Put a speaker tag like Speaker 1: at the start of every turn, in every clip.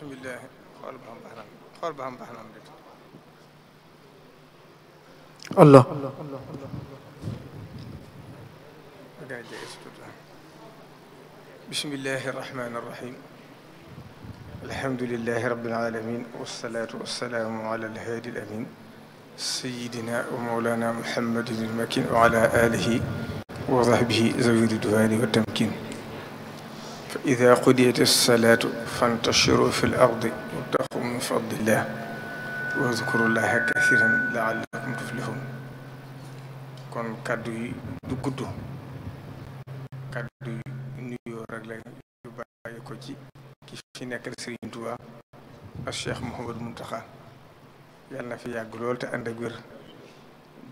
Speaker 1: bisimilah xool ba xam baax na xool ba xam baax na Allah daa jege si tuuti bisimilah rahmaani rahiim alhamdulilah rabbil aalamiin wasalaatu wasalaamu ala alhaadi alamin sayyidina wa mawlaana muhammadin almakin wa ala aalihi wa sahbihi zawi ridwaani wa tamkin fa ida qudiyati salaatu fantashiru fi l ardi wabtaxu min fadlillah wazkurullaha kasiran laallakum tuflihun kon kàddu yi du gudd kàddu yi nuyoo rek la yu bàyyi ko ci ki fi nekkal Sëriñ Tuubaa ak Cheikh Mouhamadou Mountakha yàlla na fi yàgg lool te ànd ak wér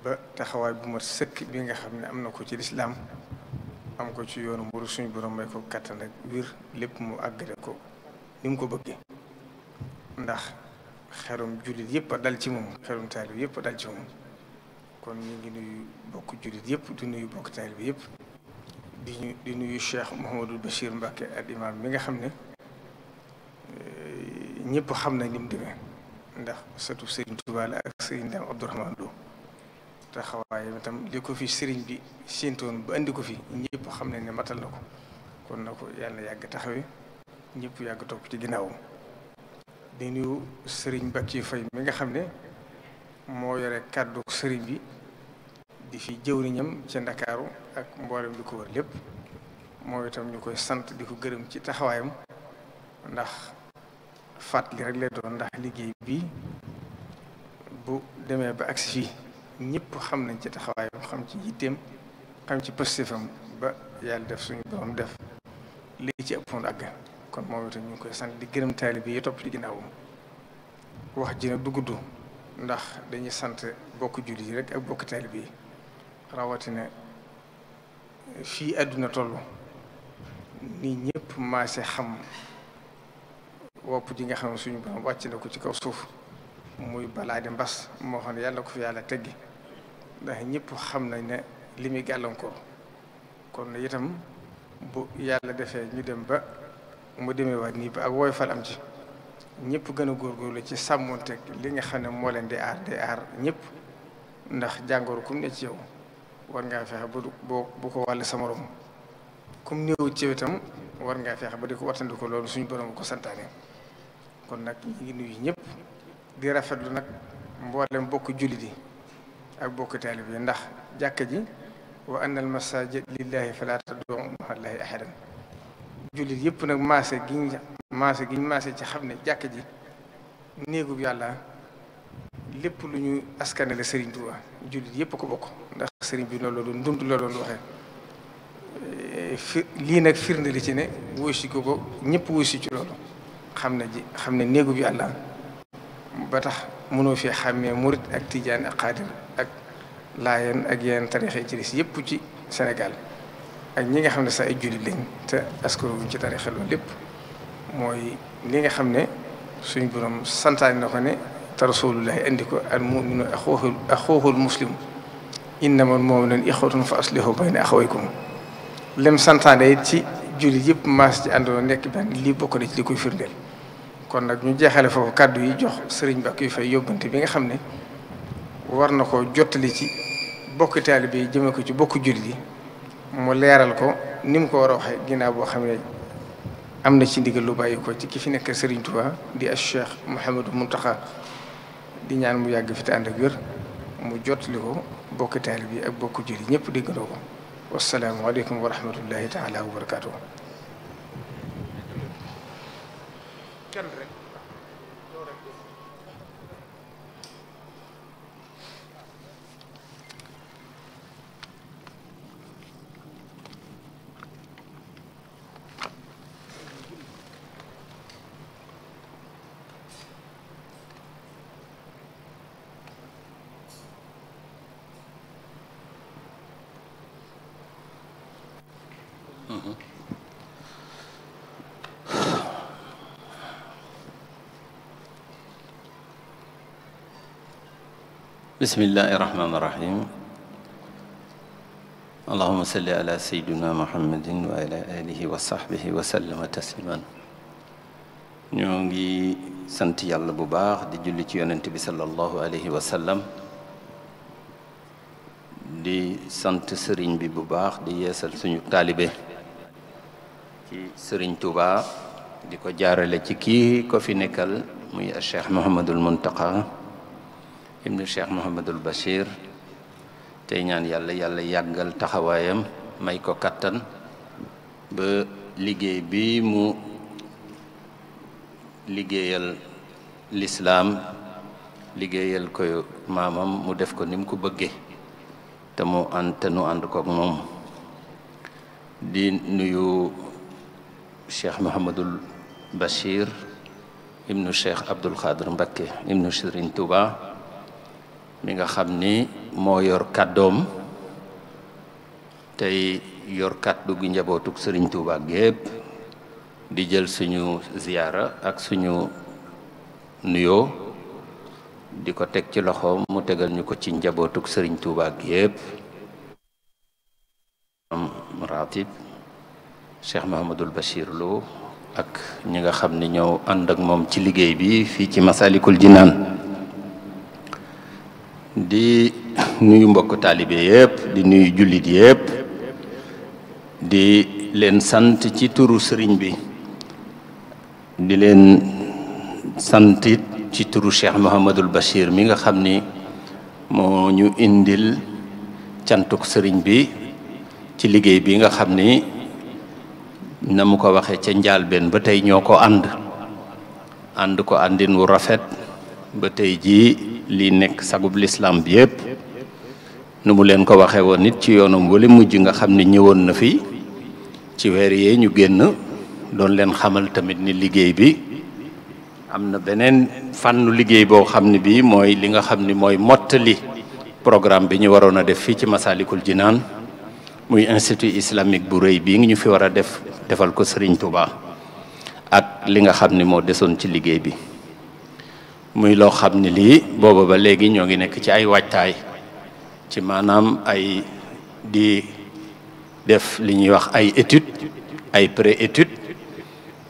Speaker 1: ba taxawaay bu mat sëkk bi nga xam ne am na ko ci lislaam am ko ci yoonu mburu suñu borom may ko kattan ak lépp mu àggale ko ni mu ko bëggee ndax xelum jullit yëpp a dal ci moom xelum taalib yëpp dal ci kon ñu ngi nuyu bokk jullit yëpp di nuyu bokk taalib yëpp di di nuyu Cheikh Mouhamadou Bachir Mbacke al imam mi nga xam ne eh, ñëpp xam na ni demee ndax sëtu Serigne Touba la ak Serigne Dame Abdourahmane Lo taxawaayam itam li ko fi sëriñ bi séentoon ba indi ko fi ñëpp xam ne ne matal na ko kon na ko yàlla yàgg taxawe ñëpp yàgg topp ci ginnaawam di nuyu sëriñ ci Fay mi nga xam ne moo yore kàddu sëriñ bi di fi jëwriñam ca Ndakaaru ak mboolem li ko wër lépp moo itam ñu koy sant di ko gërëm ci taxawaayam ndax fàttali rek lay doon ndax liggéey bi bu demee ba agsi fii ñëpp xam nañ ci taxawaayam xam ci yitteem xam ci pëstéefam ba yàlla def suñu borom def li ci ëppoon àgg kon moom itam ñu ngi koy sant di gërëm taalibe yi topp ci ginnaawam wax ji nag du gudd ndax dañuy sant bokk jullit yi rek ak bokk taalibe yi rawatina fii àdduna toll nii ñëpp maase xam wopp ji nga xam ne suñu borom wàcc na ko ci kaw suuf muy balaa di mbas moo xam yàlla ko fi yàlla teggi ndax ñëpp xam nañ ne li muy gàllankoor kon itam bu yàlla defee ñu dem ba mu demee waat nii ba ak woy fal am ci ñëpp gën a góor góorgóorlu ci sàmmonteeg li nga xam ne moo leen di aar di aar ñëpp ndax jàngoro kum ne ci yow war ngaa fexe ba du boo bu ko wàll sa morom kum néew ci itam war ngaa fexe ba di ko wattandi loolu suñu borom ko santaane kon nag ñu ngi nuyu ñëpp di rafetlu nag mboolem bokk jullit yi ak bokk taalib yi ndax jàkka ji wa anna al masajid lillahi fala tad'u ma'a allahi ahadan jullit yëpp nag maase giñ maase maase ci xam ne jàkka ji néegub yàlla lépp lu ñu askanale sëriñ Tuuba jullit yëpp ko bokk ndax sëriñ bi noonu la doon ndund doon waxee eh, lii nag firnde li ci ne wóosi ko ko ñëpp wóosi ci loolu xam ne ji xam ne bi yàlla ba tax mënoo fee xàmmee murit ak tijaan ak xaadir laa laayeen ak yeneen tarixa yi ci des yëpp ci Sénégal ak ñi nga xam ne sax ay jullit lañ te askaruwuñ ci tarixa loolu lépp mooy li nga xam ne suñ borom santaane na ko ne te rasulullahi indi ko mu muminu axuuxul axuuxul muslim innamal mu'minuna ixwatun fa aslihu bayna axawaykum lem santaane it ci jullit yëpp maas ci àndoo nekk benn lii bokk na koy firndeel kon nag ñu jeexale foofu kàddu yi jox sëriñ Mbacke yu fay yóbbante bi nga xam ne war na ko jottali ci bokk taalibe yi ko ci bokk jur gi mu leeral ko ni mu ko war a waxee ginnaaw boo xam ne am na ci ndigal lu bàyyi ko ci ki fi nekk Serigne Touba di as Cheikh Mouhamadou Mountakha di ñaan mu yàgg fi te ànd ak wér mu jottali ko bokk taalibe ak bokk jur yi ñëpp dégg na ko wasalaamualeykum wa rahmatullahi taala wa barakaatu.
Speaker 2: Uh-huh. bismillahi irrahmaani irrahim allahuma salli ala seydina muhammadin wa ala alihi wa sahbihi wa sallama tasliman ñoo ngi sant yàlla bu baax di julli ci yonent bi sallallahu alayhi di sant sëriñ bi bu baax di yeesal suñu taalibe ci Serigne Touba di ko jaarale ci kii ko fi nekkal muy Cheikh Mouhamadul Mountakha ibnu Cheikh Mouhamadul Bachir tey ñaan yàlla yàlla yàggal taxawaayam may ko kattan ba liggéey bi mu liggéeyal lislaam liggéeyal ko maamam mu def ko nim mu ko bëggee te mu ànd te nu ànd kook moom di nuyu cheikh Mouhamadul Bachir ibnu cheikh Abdoul Khadr Mbacké ibnu Serigne Touba mi nga xam ni moo yor kàddoom tey yor kàddu gi njabootug Serigne Touba gépp di jël suñu ziyaara ak suñu nuyoo di ko teg ci loxoom mu tegal ñu ko ci njabootug Serigne Touba gépp am ratib Cheikh Mahamadul Bachir Lo ak ñi nga xam ni ñoo ànd ak moom ci liggéey bi fii ci Masalikul naan di nuyu mbokk taalibe yépp di nuyu jullit yépp di leen sant ci turu sëriñ bi di leen sant ci turu Cheikh Mahamadul Bachir mi nga xam ni moo ñu indil cantuk sëriñ bi ci liggéey bi nga xam ni na mu ko waxe ca njaalbeen ba tey ñoo ko ànd ànd ko àndin wu rafet ba tey jii lii nekk sagub lislam bi yépp nu mu leen ko waxe woon it ci yoonam wala mujj nga xam ne ñëwoon na fi ci weer yee ñu génn doon leen xamal tamit ni liggéey bi am na beneen fànnu liggéey boo xam ne bii mooy li nga xam ni mooy mottali programme bi ñu waroon a def fii ci Masaalikul naan muy institut islamique bu rëy bii ngi ñu fi war a def defal ko Serigne Touba ak li nga xam ni moo desoon ci liggéey bi muy loo xam ni lii booba ba léegi ñoo ngi nekk ci ay waajtaay ci maanaam ay di def li ñuy wax ay étude ay pré étude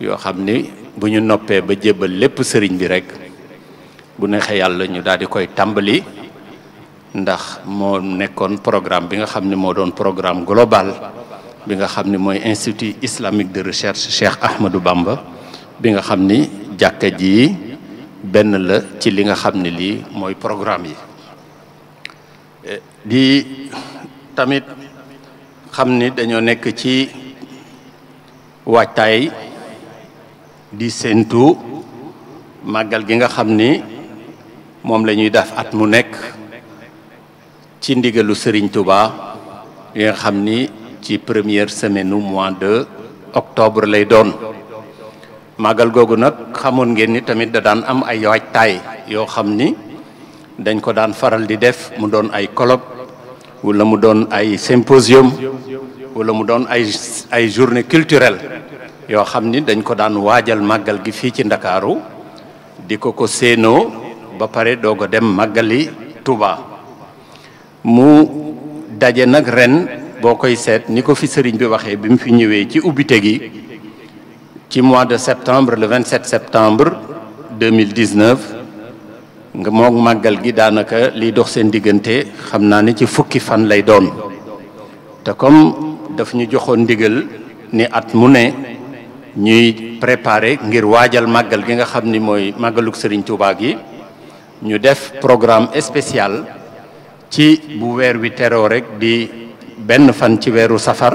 Speaker 2: yoo xam ni bu ñu noppee ba jébbal lépp sëriñ bi rek bu neexee yàlla ñu daal di koy tàmbali ndax moo nekkoon programme bi nga xam ne moo doon programme global bi nga xam ne mooy institut islamique de recherche Cheikh Ahmadou Bamba bi nga xam ni jàkka ji benn la ci li nga xam ne lii mooy programme yi di tamit xam ni dañoo nekk ci waajtaay di séentu màggal gi nga xam ni moom la ñuy def at mu nekk ci ndigalu Serigne Touba yi nga xam ni ci première semaine u mois de octobre lay doon màggal googu nag xamoon ngeen ni tamit da daan am ay waajtaay yoo xam ni dañ ko daan faral di def mu doon ay colloque wala mu doon ay symposium wala mu doon ay ay journée culturelle yoo xam ni dañ ko daan waajal màggal gi fii ci Ndakaaru di ko ko séenoo ba pare doog a dem màggali Touba mu daje nag ren boo koy seet ni ko fi sëriñ bi waxee bi mu fi ñëwee ci ubbite gi ci mois de septembre le 27 septembre 2019 nga moog màggal gi daanaka liy dox seen diggante xam naa ni ci fukki fan lay doon te comme daf ñu joxoon ndigal ni at mu ne ñuy préparer ngir waajal màggal gi nga xam ni mooy màggaluk sëriñ Tuubaa gi ñu def programme spécial ci bu weer wi teroo rek di benn fan ci weeru safar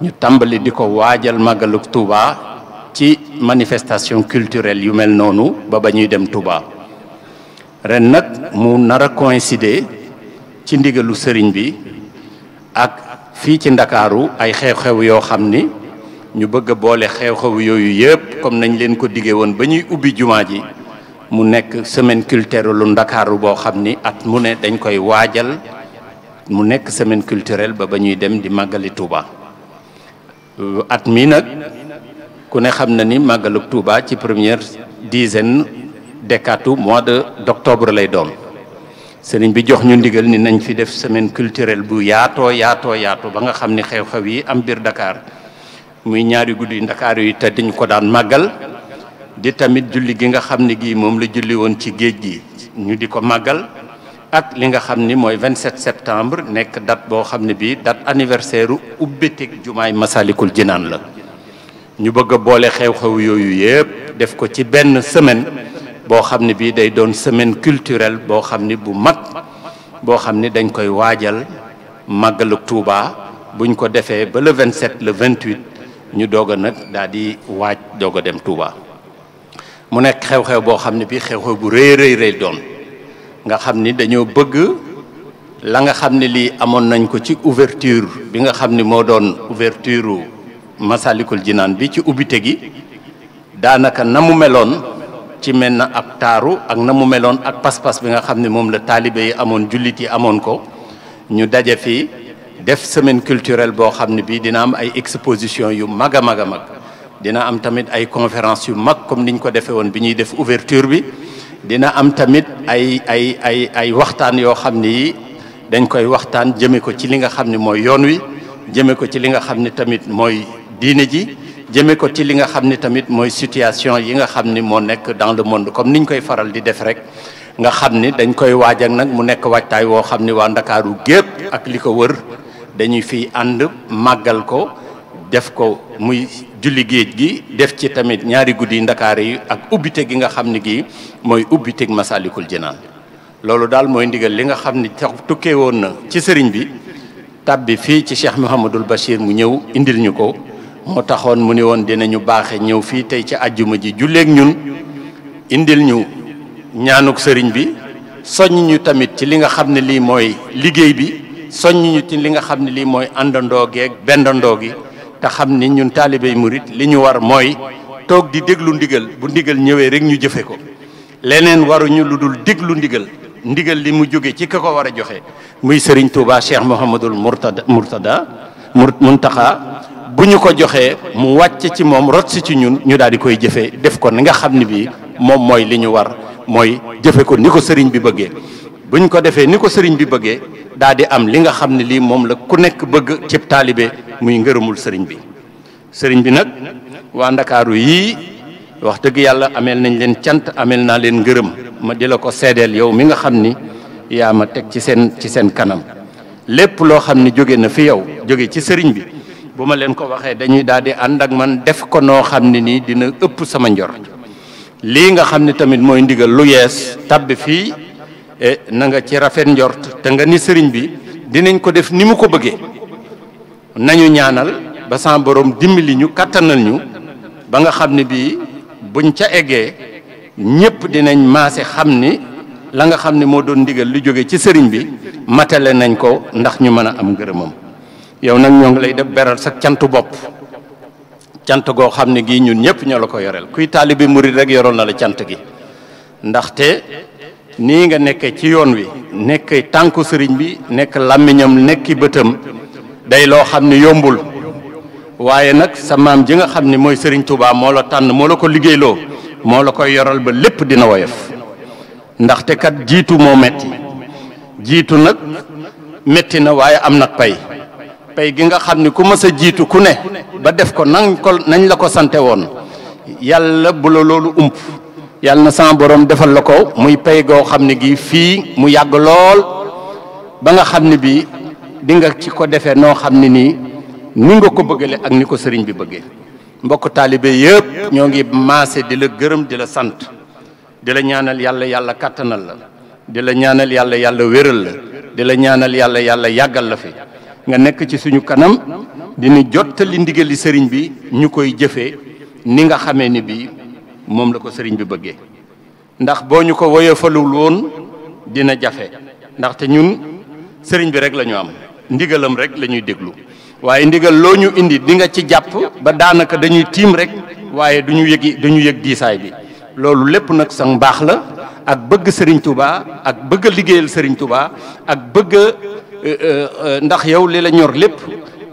Speaker 2: ñu tàmbali di ko waajal màggaluk Touba ci manifestation culturel yu mel noonu ba ba ñuy dem Touba ren nag mu nar a ci ndigalu sëriñ bi ak fii ci ndakaaru ay xew-xew yoo xam ni ñu bëgg a boole xew-xew yooyu yëpp comme nañ leen ko diggee woon ba ñuy ubbi jumaa ji mu nekk semaine culturelle lu ndakaaru boo xam ni at mu ne dañ koy waajal mu nekk semaine culturelle ba ba ñuy dem di màggali Touba at mi nag ku ne xam na ni màggalu Touba ci première dizaine décatu mois de d'octobre lay doon sëriñ bi jox ñu ndigal ni nañ fi def semaine culturelle bu yaatoo yaatoo yaatoo ba nga xam ni xew-xew yi am biir ndakaar muy ñaari guddi Ndakaar yi te dañ ko daan màggal di tamit julli gi nga xam ne gii moom la julli woon ci géej gi ñu di ko màggal ak li nga xam ni mooy 27 septembre nekk date boo xam ne bii date anniversaire u ubbiteg jumaay Masalikul Jinaan la ñu bëgg a boole xew-xew yooyu yëpp def ko ci benn semaine boo xam ne bii day doon semaine culturel boo xam ne bu mag boo xam ne dañ koy waajal màggalu Tuuba buñ ko defee ba le 27 le 28 ñu doog a nag daal di waaj doog a dem Tuuba mu nekk xew-xew boo xam ne bii xew-xew bu rëy rëy rëy doon nga xam ni dañoo bëgg la nga xam ne lii amoon nañ ko ci ouverture bi nga xam ni moo doon ouverture Masalikul Jinaan bi ci ubbite gi daanaka na mu meloon ci mel na ak taaru ak na mu meloon ak pas-pas bi nga xam ne moom la taalibe yi amoon jullit yi amoon ko ñu daje fi def semaine culturel boo xam ne bii dina am ay exposition yu mag a mag a mag dina am tamit ay conférence yu mag comme niñ ko defee woon bi ñuy def ouverture bi dina am tamit ay ay ay ay waxtaan yoo xam ne yi dañ koy waxtaan jëme ko ci li nga xam ni mooy yoon wi jëme ko ci li nga xam ne tamit mooy diine ji jëme ko ci li nga xam ne tamit mooy situation yi nga xam ni moo nekk dans le monde comme niñ koy faral di def rek nga xam ni dañ koy waajal nag mu nekk waajtaay woo xam ni waa Ndakaaru gépp ak li ko wër dañuy fi ànd màggal ko def ko muy julli géej gi def ci tamit ñaari guddi ndakaar yi ak ubbite gi nga xam ne gii mooy ubbiteg masalikul jinaan loolu daal mooy ndigal li nga xam ne tukkee woon na ci sëriñ bi tàbbi fii ci cheikh Mouhamadul Bachir mu ñëw indil ñu ko moo taxoon mu ne woon dinañu baaxe ñëw fii tey ci àjjuma ji julleeg ñun indil ñu ñaanuk sëriñ bi soññ tamit ci li nga xam ne lii mooy liggéey bi soññ ci li nga xam ne lii mooy àndandoo geeg bendandoo gi te xam ni ñun taalibey murit li ñu war mooy toog di déglu ndigal bu ndigal ñëwee rek ñu jëfe ko leneen waruñu lu dul déglu ndigal ndigal li mu jóge ci ka ko war a joxe muy Serigne Touba Cheikh Mouhamadul Mourtada Mourtada Muntaxa bu ñu ko joxee mu wàcc ci moom rot si ci ñun ñu daal di koy jëfe def ko ni nga xam ne bii moom mooy li ñu war mooy jëfe ko ni ko sëriñ bi bëggee ñu ko defee ni ko sëriñ bi bëggee daa di am li nga xam ne lii moom la ku nekk bëgg cib taalibe muy ngërëmul sëriñ bi sëriñ bi nag waa ndakaaru yii wax dëgg yàlla ameel nañ leen cant ameel naa leen ngërëm ma di la ko seedeel yow mi nga xam ni yaa ma teg ci seen ci seen kanam lépp loo xam ne jóge na fi yow jóge ci sëriñ bi bu ma leen ko waxee dañuy daal di ànd ak man def ko noo xam ne nii dina ëpp sama njor lii nga xam ne tamit mooy ndigal lu yees tabbi E na nga ci rafet njort te nga ni sëriñ bi dinañ ko def ni mu ko bëggee nañu ñaanal ba sa borom dimbali ñu kàttanal ñu ba nga xam ne bii buñ ca eggee ñëpp dinañ maase xam ni la nga xam ne moo doon ndigal lu jóge ci sëriñ bi matale nañ ko ndax ñu mën a am ngërëmam yow nag ñoo ngi lay def beral sa cantu bopp cant goo xam ne gii ñun ñëpp ñoo la ko yoreel kuy taalibe murid rek yoroon na la cant gi ndaxte nii nga nekk ci yoon wi nekk tànku sëriñ bi nekk làmmiñam nekki bëtam day loo xam ni yombul waaye nag sa maam ji nga xam ni mooy sëriñ Touba moo la tànn moo la ko liggéeyloo moo la koy yoral ba lépp dina woyof ndaxte kat jiitu moo metti jiitu nag metti na waaye am nag pay pay gi nga xam ni ku mës a jiitu ku ne ba def ko nañ ko nañ la ko sante woon yàlla bu la loolu ump yàlla na sama borom defal la ko muy pay goo xam ne gi fii mu yàgg lool ba nga xam ne bi dinga nga ci ko defee noo xam ne nii ni nga ko bëggale ak ni ko sëriñ bi bëggee mbokk taalibe yëpp ñoo ngi maase di la gërëm di la sant di la ñaanal yàlla yàlla kàttanal la di la ñaanal yàlla yàlla wéral la di la ñaanal yàlla yàlla yàggal la fi nga nekk ci suñu kanam dina jottali ndigali sëriñ bi ñu koy jëfee ni nga xamee ni bii moom la ko sëriñ bi bëggee ndax boo ñu ko woyofalul woon dina jafe ndaxte ñun sëriñ bi rek la am ndigalam rek lañuy déglu waaye ndigal loo ñu indi di nga ci jàpp ba daanaka dañuy tiim rek waaye du ñu yëg du ñu yëg diisaay bi loolu lépp nag sa baax la ak bëgg sëriñ Touba ak bëgg a liggéeyal sëriñ ak bëgg euh, euh, ndax yow lila ñor lépp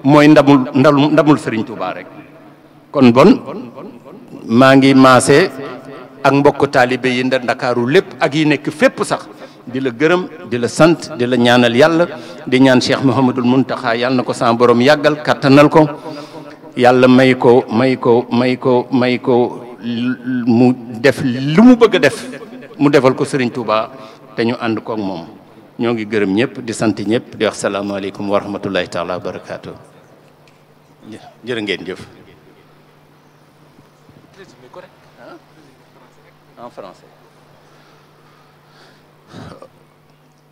Speaker 2: mooy ndamul ndamul sëriñ Touba rek kon bon maa ngi maase ak mbokk taalibe yi ndakaaru lépp ak yi nekk fépp sax di la gërëm di la sant di la ñaanal yàlla di ñaan Cheikh Mouhamadul Mountakha yàlla na ko sa borom yàggal kattanal ko yàlla may ko may ko may ko may ko mu def lu mu bëgg a def mu defal ko Serigne Touba te ñu ànd ko moom ñoo ngi gërëm ñëpp di sant ñëpp di wax salaamaaleykum wa rahmatullahi taala wa ngeen jëf en français